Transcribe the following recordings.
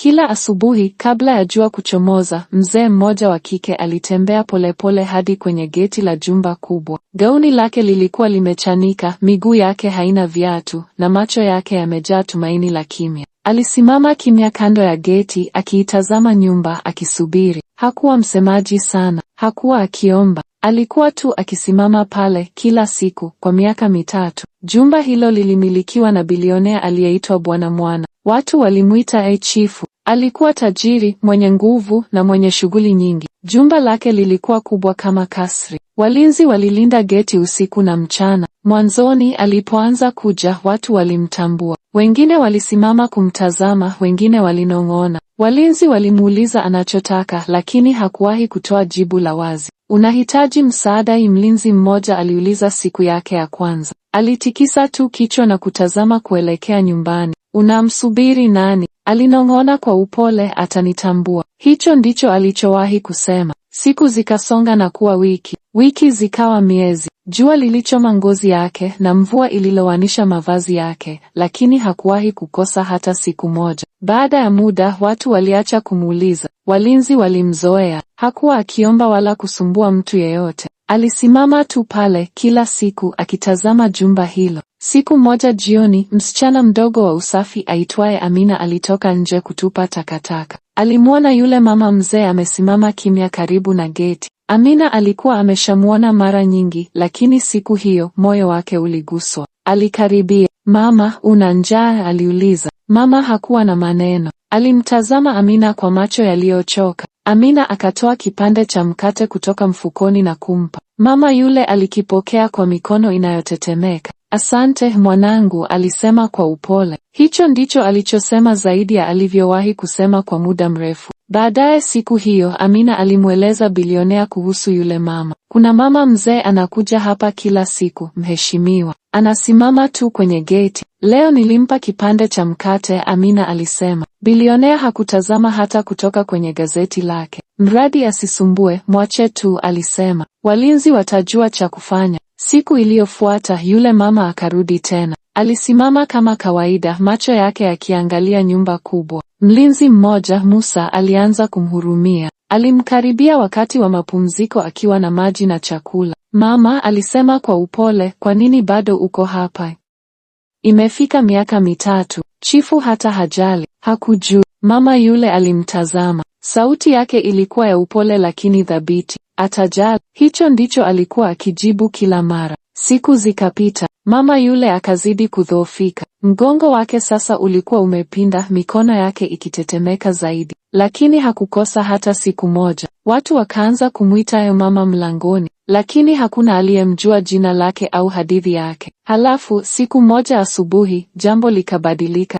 Kila asubuhi kabla ya jua kuchomoza, mzee mmoja wa kike alitembea polepole hadi kwenye geti la jumba kubwa. Gauni lake lilikuwa limechanika, miguu yake haina viatu, na macho yake yamejaa tumaini la kimya. Alisimama kimya kando ya geti, akiitazama nyumba, akisubiri. Hakuwa msemaji sana, hakuwa akiomba. Alikuwa tu akisimama pale kila siku kwa miaka mitatu. Jumba hilo lilimilikiwa na bilionea aliyeitwa Bwana Mwana. Watu walimwita e chifu, Alikuwa tajiri, mwenye nguvu na mwenye shughuli nyingi. Jumba lake lilikuwa kubwa kama kasri. Walinzi walilinda geti usiku na mchana. Mwanzoni alipoanza kuja, watu walimtambua. Wengine walisimama kumtazama, wengine walinong'ona. Walinzi walimuuliza anachotaka, lakini hakuwahi kutoa jibu la wazi. Unahitaji msaada? Mlinzi mmoja aliuliza siku yake ya kwanza. Alitikisa tu kichwa na kutazama kuelekea nyumbani. Unamsubiri nani? Alinong'ona kwa upole, atanitambua. Hicho ndicho alichowahi kusema. Siku zikasonga na kuwa wiki, wiki zikawa miezi. Jua lilichoma ngozi yake na mvua ililowanisha mavazi yake, lakini hakuwahi kukosa hata siku moja. Baada ya muda, watu waliacha kumuuliza, walinzi walimzoea. Hakuwa akiomba wala kusumbua mtu yeyote. Alisimama tu pale kila siku akitazama jumba hilo. Siku moja jioni, msichana mdogo wa usafi aitwaye Amina alitoka nje kutupa takataka. Alimwona yule mama mzee amesimama kimya karibu na geti. Amina alikuwa ameshamwona mara nyingi, lakini siku hiyo moyo wake uliguswa. Alikaribia. Mama, una njaa? aliuliza. Mama hakuwa na maneno. Alimtazama Amina kwa macho yaliyochoka. Amina akatoa kipande cha mkate kutoka mfukoni na kumpa mama. Yule alikipokea kwa mikono inayotetemeka. Asante mwanangu, alisema kwa upole. Hicho ndicho alichosema zaidi ya alivyowahi kusema kwa muda mrefu. Baadaye siku hiyo Amina alimweleza bilionea kuhusu yule mama. Kuna mama mzee anakuja hapa kila siku, mheshimiwa. Anasimama tu kwenye geti. Leo nilimpa kipande cha mkate, Amina alisema. Bilionea hakutazama hata kutoka kwenye gazeti lake. Mradi asisumbue, mwache tu, alisema. Walinzi watajua cha kufanya. Siku iliyofuata yule mama akarudi tena. Alisimama kama kawaida, macho yake yakiangalia nyumba kubwa. Mlinzi mmoja Musa alianza kumhurumia. Alimkaribia wakati wa mapumziko akiwa na maji na chakula. Mama alisema kwa upole, kwa nini bado uko hapa? Imefika miaka mitatu. Chifu hata hajali, hakujui. Mama yule alimtazama. Sauti yake ilikuwa ya upole lakini thabiti. Atajali. Hicho ndicho alikuwa akijibu kila mara. Siku zikapita. Mama yule akazidi kudhoofika. Mgongo wake sasa ulikuwa umepinda, mikono yake ikitetemeka zaidi, lakini hakukosa hata siku moja. Watu wakaanza kumwita yo mama mlangoni, lakini hakuna aliyemjua jina lake au hadithi yake. Halafu siku moja asubuhi, jambo likabadilika.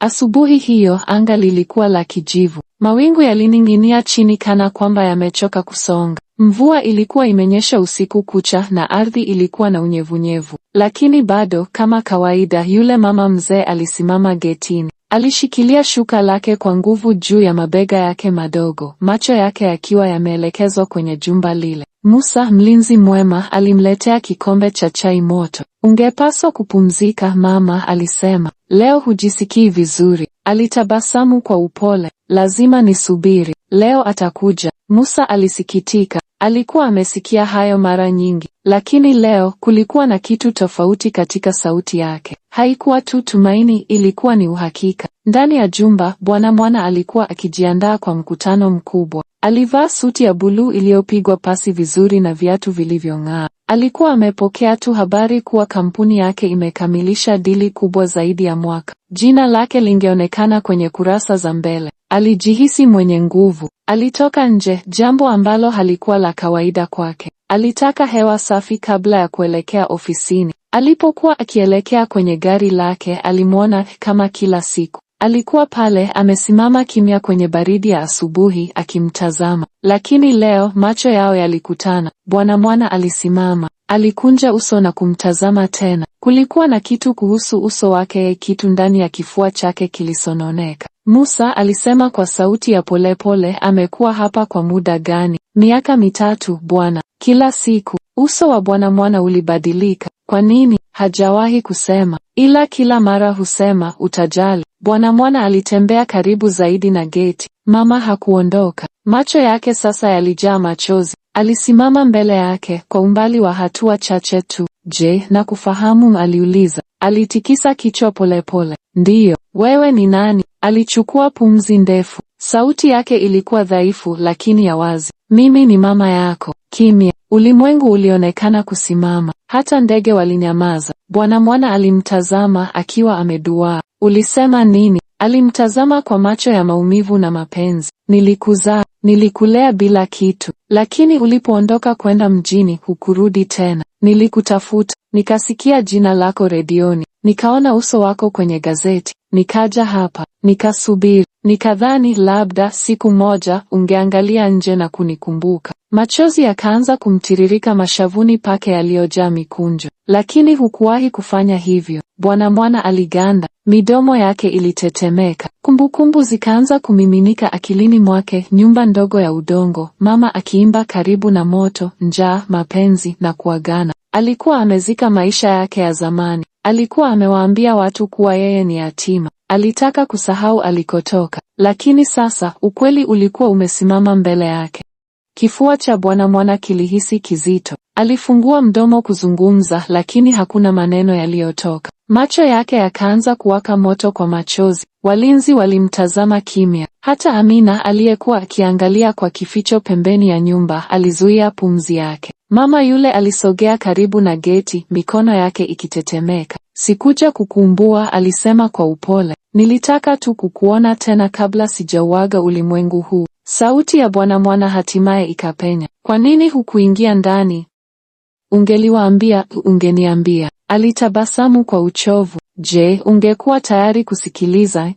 Asubuhi hiyo anga lilikuwa la kijivu, mawingu yalining'inia chini kana kwamba yamechoka kusonga. Mvua ilikuwa imenyesha usiku kucha na ardhi ilikuwa na unyevunyevu, lakini bado kama kawaida, yule mama mzee alisimama getini. Alishikilia shuka lake kwa nguvu juu ya mabega yake madogo, macho yake yakiwa yameelekezwa kwenye jumba lile. Musa, mlinzi mwema, alimletea kikombe cha chai moto. Ungepaswa kupumzika mama, alisema. Leo hujisikii vizuri. Alitabasamu kwa upole. Lazima nisubiri. Leo atakuja. Musa alisikitika. Alikuwa amesikia hayo mara nyingi, lakini leo kulikuwa na kitu tofauti katika sauti yake. Haikuwa tu tumaini, ilikuwa ni uhakika. Ndani ya jumba, Bwana Mwana alikuwa akijiandaa kwa mkutano mkubwa. Alivaa suti ya buluu iliyopigwa pasi vizuri na viatu vilivyong'aa. Alikuwa amepokea tu habari kuwa kampuni yake imekamilisha dili kubwa zaidi ya mwaka. Jina lake lingeonekana kwenye kurasa za mbele. Alijihisi mwenye nguvu. Alitoka nje, jambo ambalo halikuwa la kawaida kwake. Alitaka hewa safi kabla ya kuelekea ofisini. Alipokuwa akielekea kwenye gari lake, alimwona kama kila siku. Alikuwa pale amesimama kimya kwenye baridi ya asubuhi akimtazama. Lakini leo macho yao yalikutana. Bwana Mwana alisimama, alikunja uso na kumtazama tena. Kulikuwa na kitu kuhusu uso wake, kitu ndani ya kifua chake kilisononeka. Musa alisema kwa sauti ya polepole, amekuwa hapa kwa muda gani? Miaka mitatu, bwana. Kila siku uso wa bwana mwana ulibadilika. Kwa nini? Hajawahi kusema, ila kila mara husema utajali. Bwana mwana alitembea karibu zaidi na geti. Mama hakuondoka, macho yake sasa yalijaa machozi. Alisimama mbele yake kwa umbali wa hatua chache tu. Je, na kufahamu? aliuliza. Alitikisa kichwa polepole. Ndiyo. Wewe ni nani? Alichukua pumzi ndefu. Sauti yake ilikuwa dhaifu lakini ya wazi. Mimi ni mama yako. Kimya. Ulimwengu ulionekana kusimama. Hata ndege walinyamaza. Bwana Mwana alimtazama akiwa ameduaa. Ulisema nini? Alimtazama kwa macho ya maumivu na mapenzi. Nilikuzaa Nilikulea bila kitu, lakini ulipoondoka kwenda mjini hukurudi tena. Nilikutafuta, nikasikia jina lako redioni, nikaona uso wako kwenye gazeti, nikaja hapa, nikasubiri, nikadhani labda siku moja ungeangalia nje na kunikumbuka. Machozi yakaanza kumtiririka mashavuni pake yaliyojaa mikunjo lakini hukuwahi kufanya hivyo. Bwana Mwana aliganda, midomo yake ilitetemeka, kumbukumbu zikaanza kumiminika akilini mwake: nyumba ndogo ya udongo, mama akiimba karibu na moto, njaa, mapenzi na kuagana. Alikuwa amezika maisha yake ya zamani. Alikuwa amewaambia watu kuwa yeye ni yatima. Alitaka kusahau alikotoka, lakini sasa ukweli ulikuwa umesimama mbele yake. Kifua cha Bwana Mwana kilihisi kizito. Alifungua mdomo kuzungumza, lakini hakuna maneno yaliyotoka. Macho yake yakaanza kuwaka moto kwa machozi. Walinzi walimtazama kimya. Hata Amina aliyekuwa akiangalia kwa kificho pembeni ya nyumba alizuia pumzi yake. Mama yule alisogea karibu na geti, mikono yake ikitetemeka. Sikuja kukumbua, alisema kwa upole. Nilitaka tu kukuona tena kabla sijauaga ulimwengu huu. Sauti ya Bwana Mwana hatimaye ikapenya. Kwa nini hukuingia ndani? Ungeliwaambia, ungeniambia. Alitabasamu kwa uchovu. Je, ungekuwa tayari kusikiliza?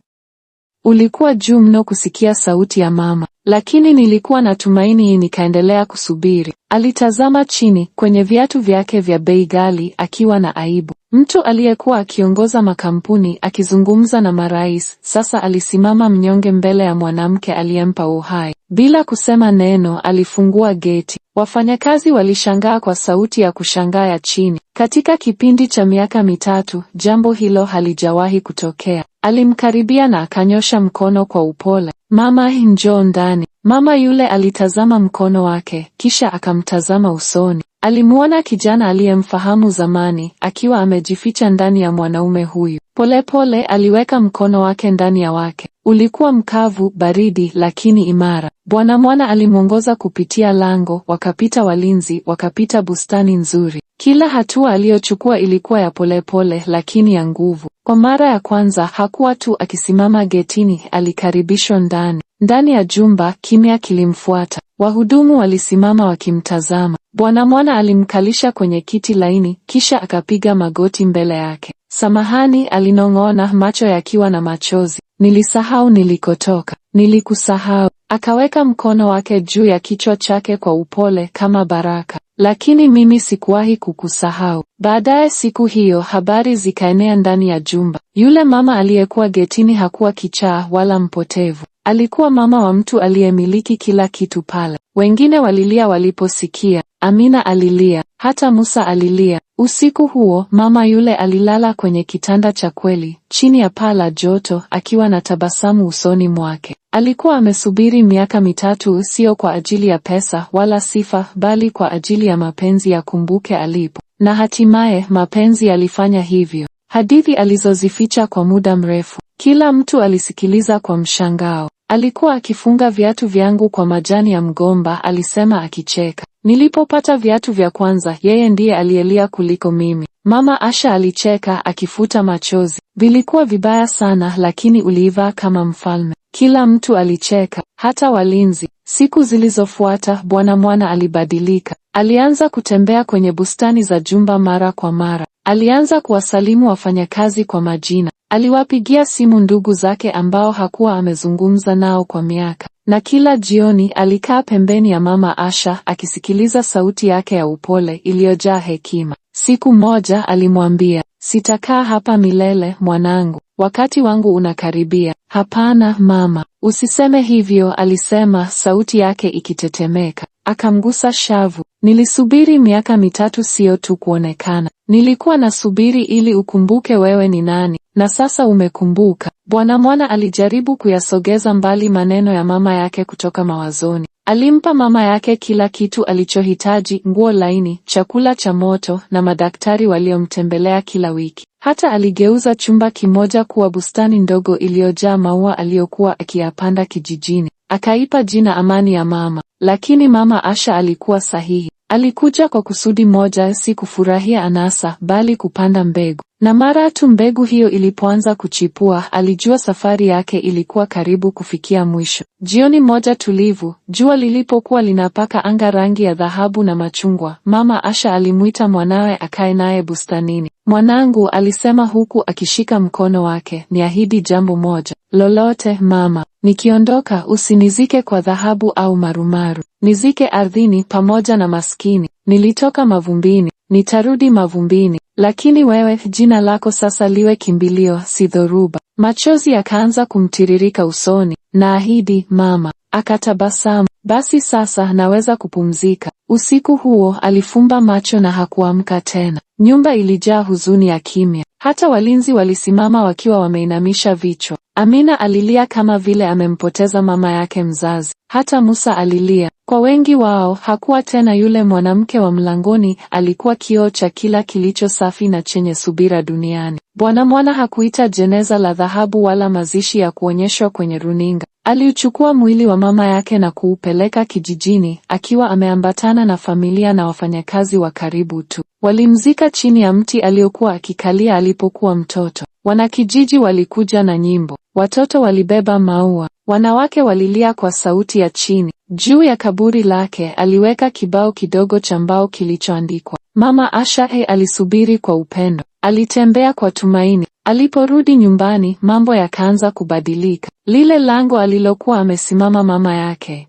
Ulikuwa juu mno kusikia sauti ya mama, lakini nilikuwa na tumaini. Nikaendelea kusubiri. Alitazama chini kwenye viatu vyake vya bei ghali akiwa na aibu. Mtu aliyekuwa akiongoza makampuni akizungumza na marais sasa alisimama mnyonge mbele ya mwanamke aliyempa uhai. Bila kusema neno, alifungua geti. Wafanyakazi walishangaa kwa sauti ya kushangaa ya chini. Katika kipindi cha miaka mitatu, jambo hilo halijawahi kutokea. Alimkaribia na akanyosha mkono kwa upole. Mama, njoo ndani. Mama yule alitazama mkono wake, kisha akamtazama usoni. Alimuona kijana aliyemfahamu zamani akiwa amejificha ndani ya mwanaume huyu. Polepole pole, aliweka mkono wake ndani ya wake. Ulikuwa mkavu, baridi, lakini imara. Bwana Mwana alimwongoza kupitia lango, wakapita walinzi, wakapita bustani nzuri. Kila hatua aliyochukua ilikuwa ya polepole pole, lakini ya nguvu. Kwa mara ya kwanza hakuwa tu akisimama getini, alikaribishwa ndani. Ndani ya jumba kimya kilimfuata. Wahudumu walisimama wakimtazama. Bwana Mwana alimkalisha kwenye kiti laini, kisha akapiga magoti mbele yake. Samahani, alinong'ona, macho yakiwa na machozi. Nilisahau nilikotoka, nilikusahau. Akaweka mkono wake juu ya kichwa chake kwa upole kama baraka. Lakini mimi sikuwahi kukusahau. Baadaye siku hiyo habari zikaenea ndani ya jumba. Yule mama aliyekuwa getini hakuwa kichaa wala mpotevu. Alikuwa mama wa mtu aliyemiliki kila kitu pale. Wengine walilia waliposikia. Amina alilia, hata Musa alilia. Usiku huo mama yule alilala kwenye kitanda cha kweli chini ya paa la joto, akiwa na tabasamu usoni mwake. Alikuwa amesubiri miaka mitatu, sio kwa ajili ya pesa wala sifa, bali kwa ajili ya mapenzi yakumbuke alipo, na hatimaye mapenzi yalifanya hivyo. Hadithi alizozificha kwa muda mrefu, kila mtu alisikiliza kwa mshangao. Alikuwa akifunga viatu vyangu kwa majani ya mgomba, alisema akicheka. Nilipopata viatu vya kwanza, yeye ndiye aliyelia kuliko mimi. Mama Asha alicheka akifuta machozi. Vilikuwa vibaya sana, lakini uliivaa kama mfalme. Kila mtu alicheka, hata walinzi. Siku zilizofuata Bwana Mwana alibadilika. Alianza kutembea kwenye bustani za jumba mara kwa mara. Alianza kuwasalimu wafanyakazi kwa majina. Aliwapigia simu ndugu zake ambao hakuwa amezungumza nao kwa miaka, na kila jioni alikaa pembeni ya mama Asha akisikiliza sauti yake ya upole iliyojaa hekima. Siku moja alimwambia, sitakaa hapa milele mwanangu, wakati wangu unakaribia. Hapana mama, usiseme hivyo, alisema, sauti yake ikitetemeka. Akamgusa shavu. Nilisubiri miaka mitatu, sio tu kuonekana. Nilikuwa nasubiri ili ukumbuke wewe ni nani, na sasa umekumbuka. Bwana Mwana alijaribu kuyasogeza mbali maneno ya mama yake kutoka mawazoni. Alimpa mama yake kila kitu alichohitaji: nguo laini, chakula cha moto na madaktari waliomtembelea kila wiki. Hata aligeuza chumba kimoja kuwa bustani ndogo iliyojaa maua aliyokuwa akiyapanda kijijini akaipa jina Amani ya Mama. Lakini Mama Asha alikuwa sahihi. Alikuja kwa kusudi moja, si kufurahia anasa, bali kupanda mbegu. Na mara tu mbegu hiyo ilipoanza kuchipua, alijua safari yake ilikuwa karibu kufikia mwisho. Jioni moja tulivu, jua lilipokuwa linapaka anga rangi ya dhahabu na machungwa, Mama Asha alimwita mwanawe akae naye bustanini. Mwanangu, alisema huku akishika mkono wake, niahidi jambo moja lolote mama. Nikiondoka usinizike kwa dhahabu au marumaru, nizike ardhini pamoja na maskini. Nilitoka mavumbini, nitarudi mavumbini, lakini wewe, jina lako sasa liwe kimbilio, si dhoruba. Machozi yakaanza kumtiririka usoni. Naahidi mama. Akatabasamu. Basi sasa naweza kupumzika. Usiku huo alifumba macho na hakuamka tena. Nyumba ilijaa huzuni ya kimya, hata walinzi walisimama wakiwa wameinamisha vichwa. Amina alilia kama vile amempoteza mama yake mzazi. Hata Musa alilia. Kwa wengi wao hakuwa tena yule mwanamke wa mlangoni, alikuwa kioo cha kila kilicho safi na chenye subira duniani. Bwana Mwana hakuita jeneza la dhahabu wala mazishi ya kuonyeshwa kwenye runinga. Aliuchukua mwili wa mama yake na kuupeleka kijijini akiwa ameambatana na familia na wafanyakazi wa karibu tu. Walimzika chini ya mti aliokuwa akikalia alipokuwa mtoto. Wanakijiji walikuja na nyimbo, watoto walibeba maua, wanawake walilia kwa sauti ya chini. Juu ya kaburi lake aliweka kibao kidogo cha mbao kilichoandikwa Mama Asha. He, alisubiri kwa upendo, alitembea kwa tumaini, Aliporudi nyumbani, mambo yakaanza kubadilika. Lile lango alilokuwa amesimama mama yake,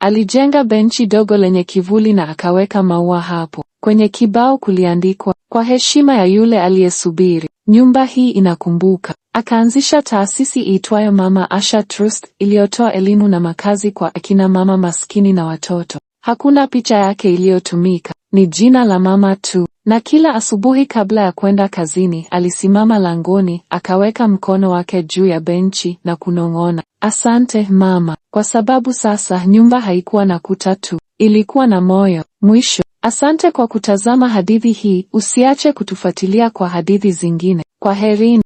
alijenga benchi dogo lenye kivuli na akaweka maua hapo. Kwenye kibao kuliandikwa, kwa heshima ya yule aliyesubiri, nyumba hii inakumbuka. Akaanzisha taasisi iitwayo Mama Asha Trust iliyotoa elimu na makazi kwa akina mama maskini na watoto. Hakuna picha yake iliyotumika, ni jina la mama tu. Na kila asubuhi kabla ya kwenda kazini, alisimama langoni, akaweka mkono wake juu ya benchi na kunong'ona, "Asante mama." Kwa sababu sasa nyumba haikuwa na kuta tu, ilikuwa na moyo. Mwisho. Asante kwa kutazama hadithi hii. Usiache kutufuatilia kwa hadithi zingine. herini.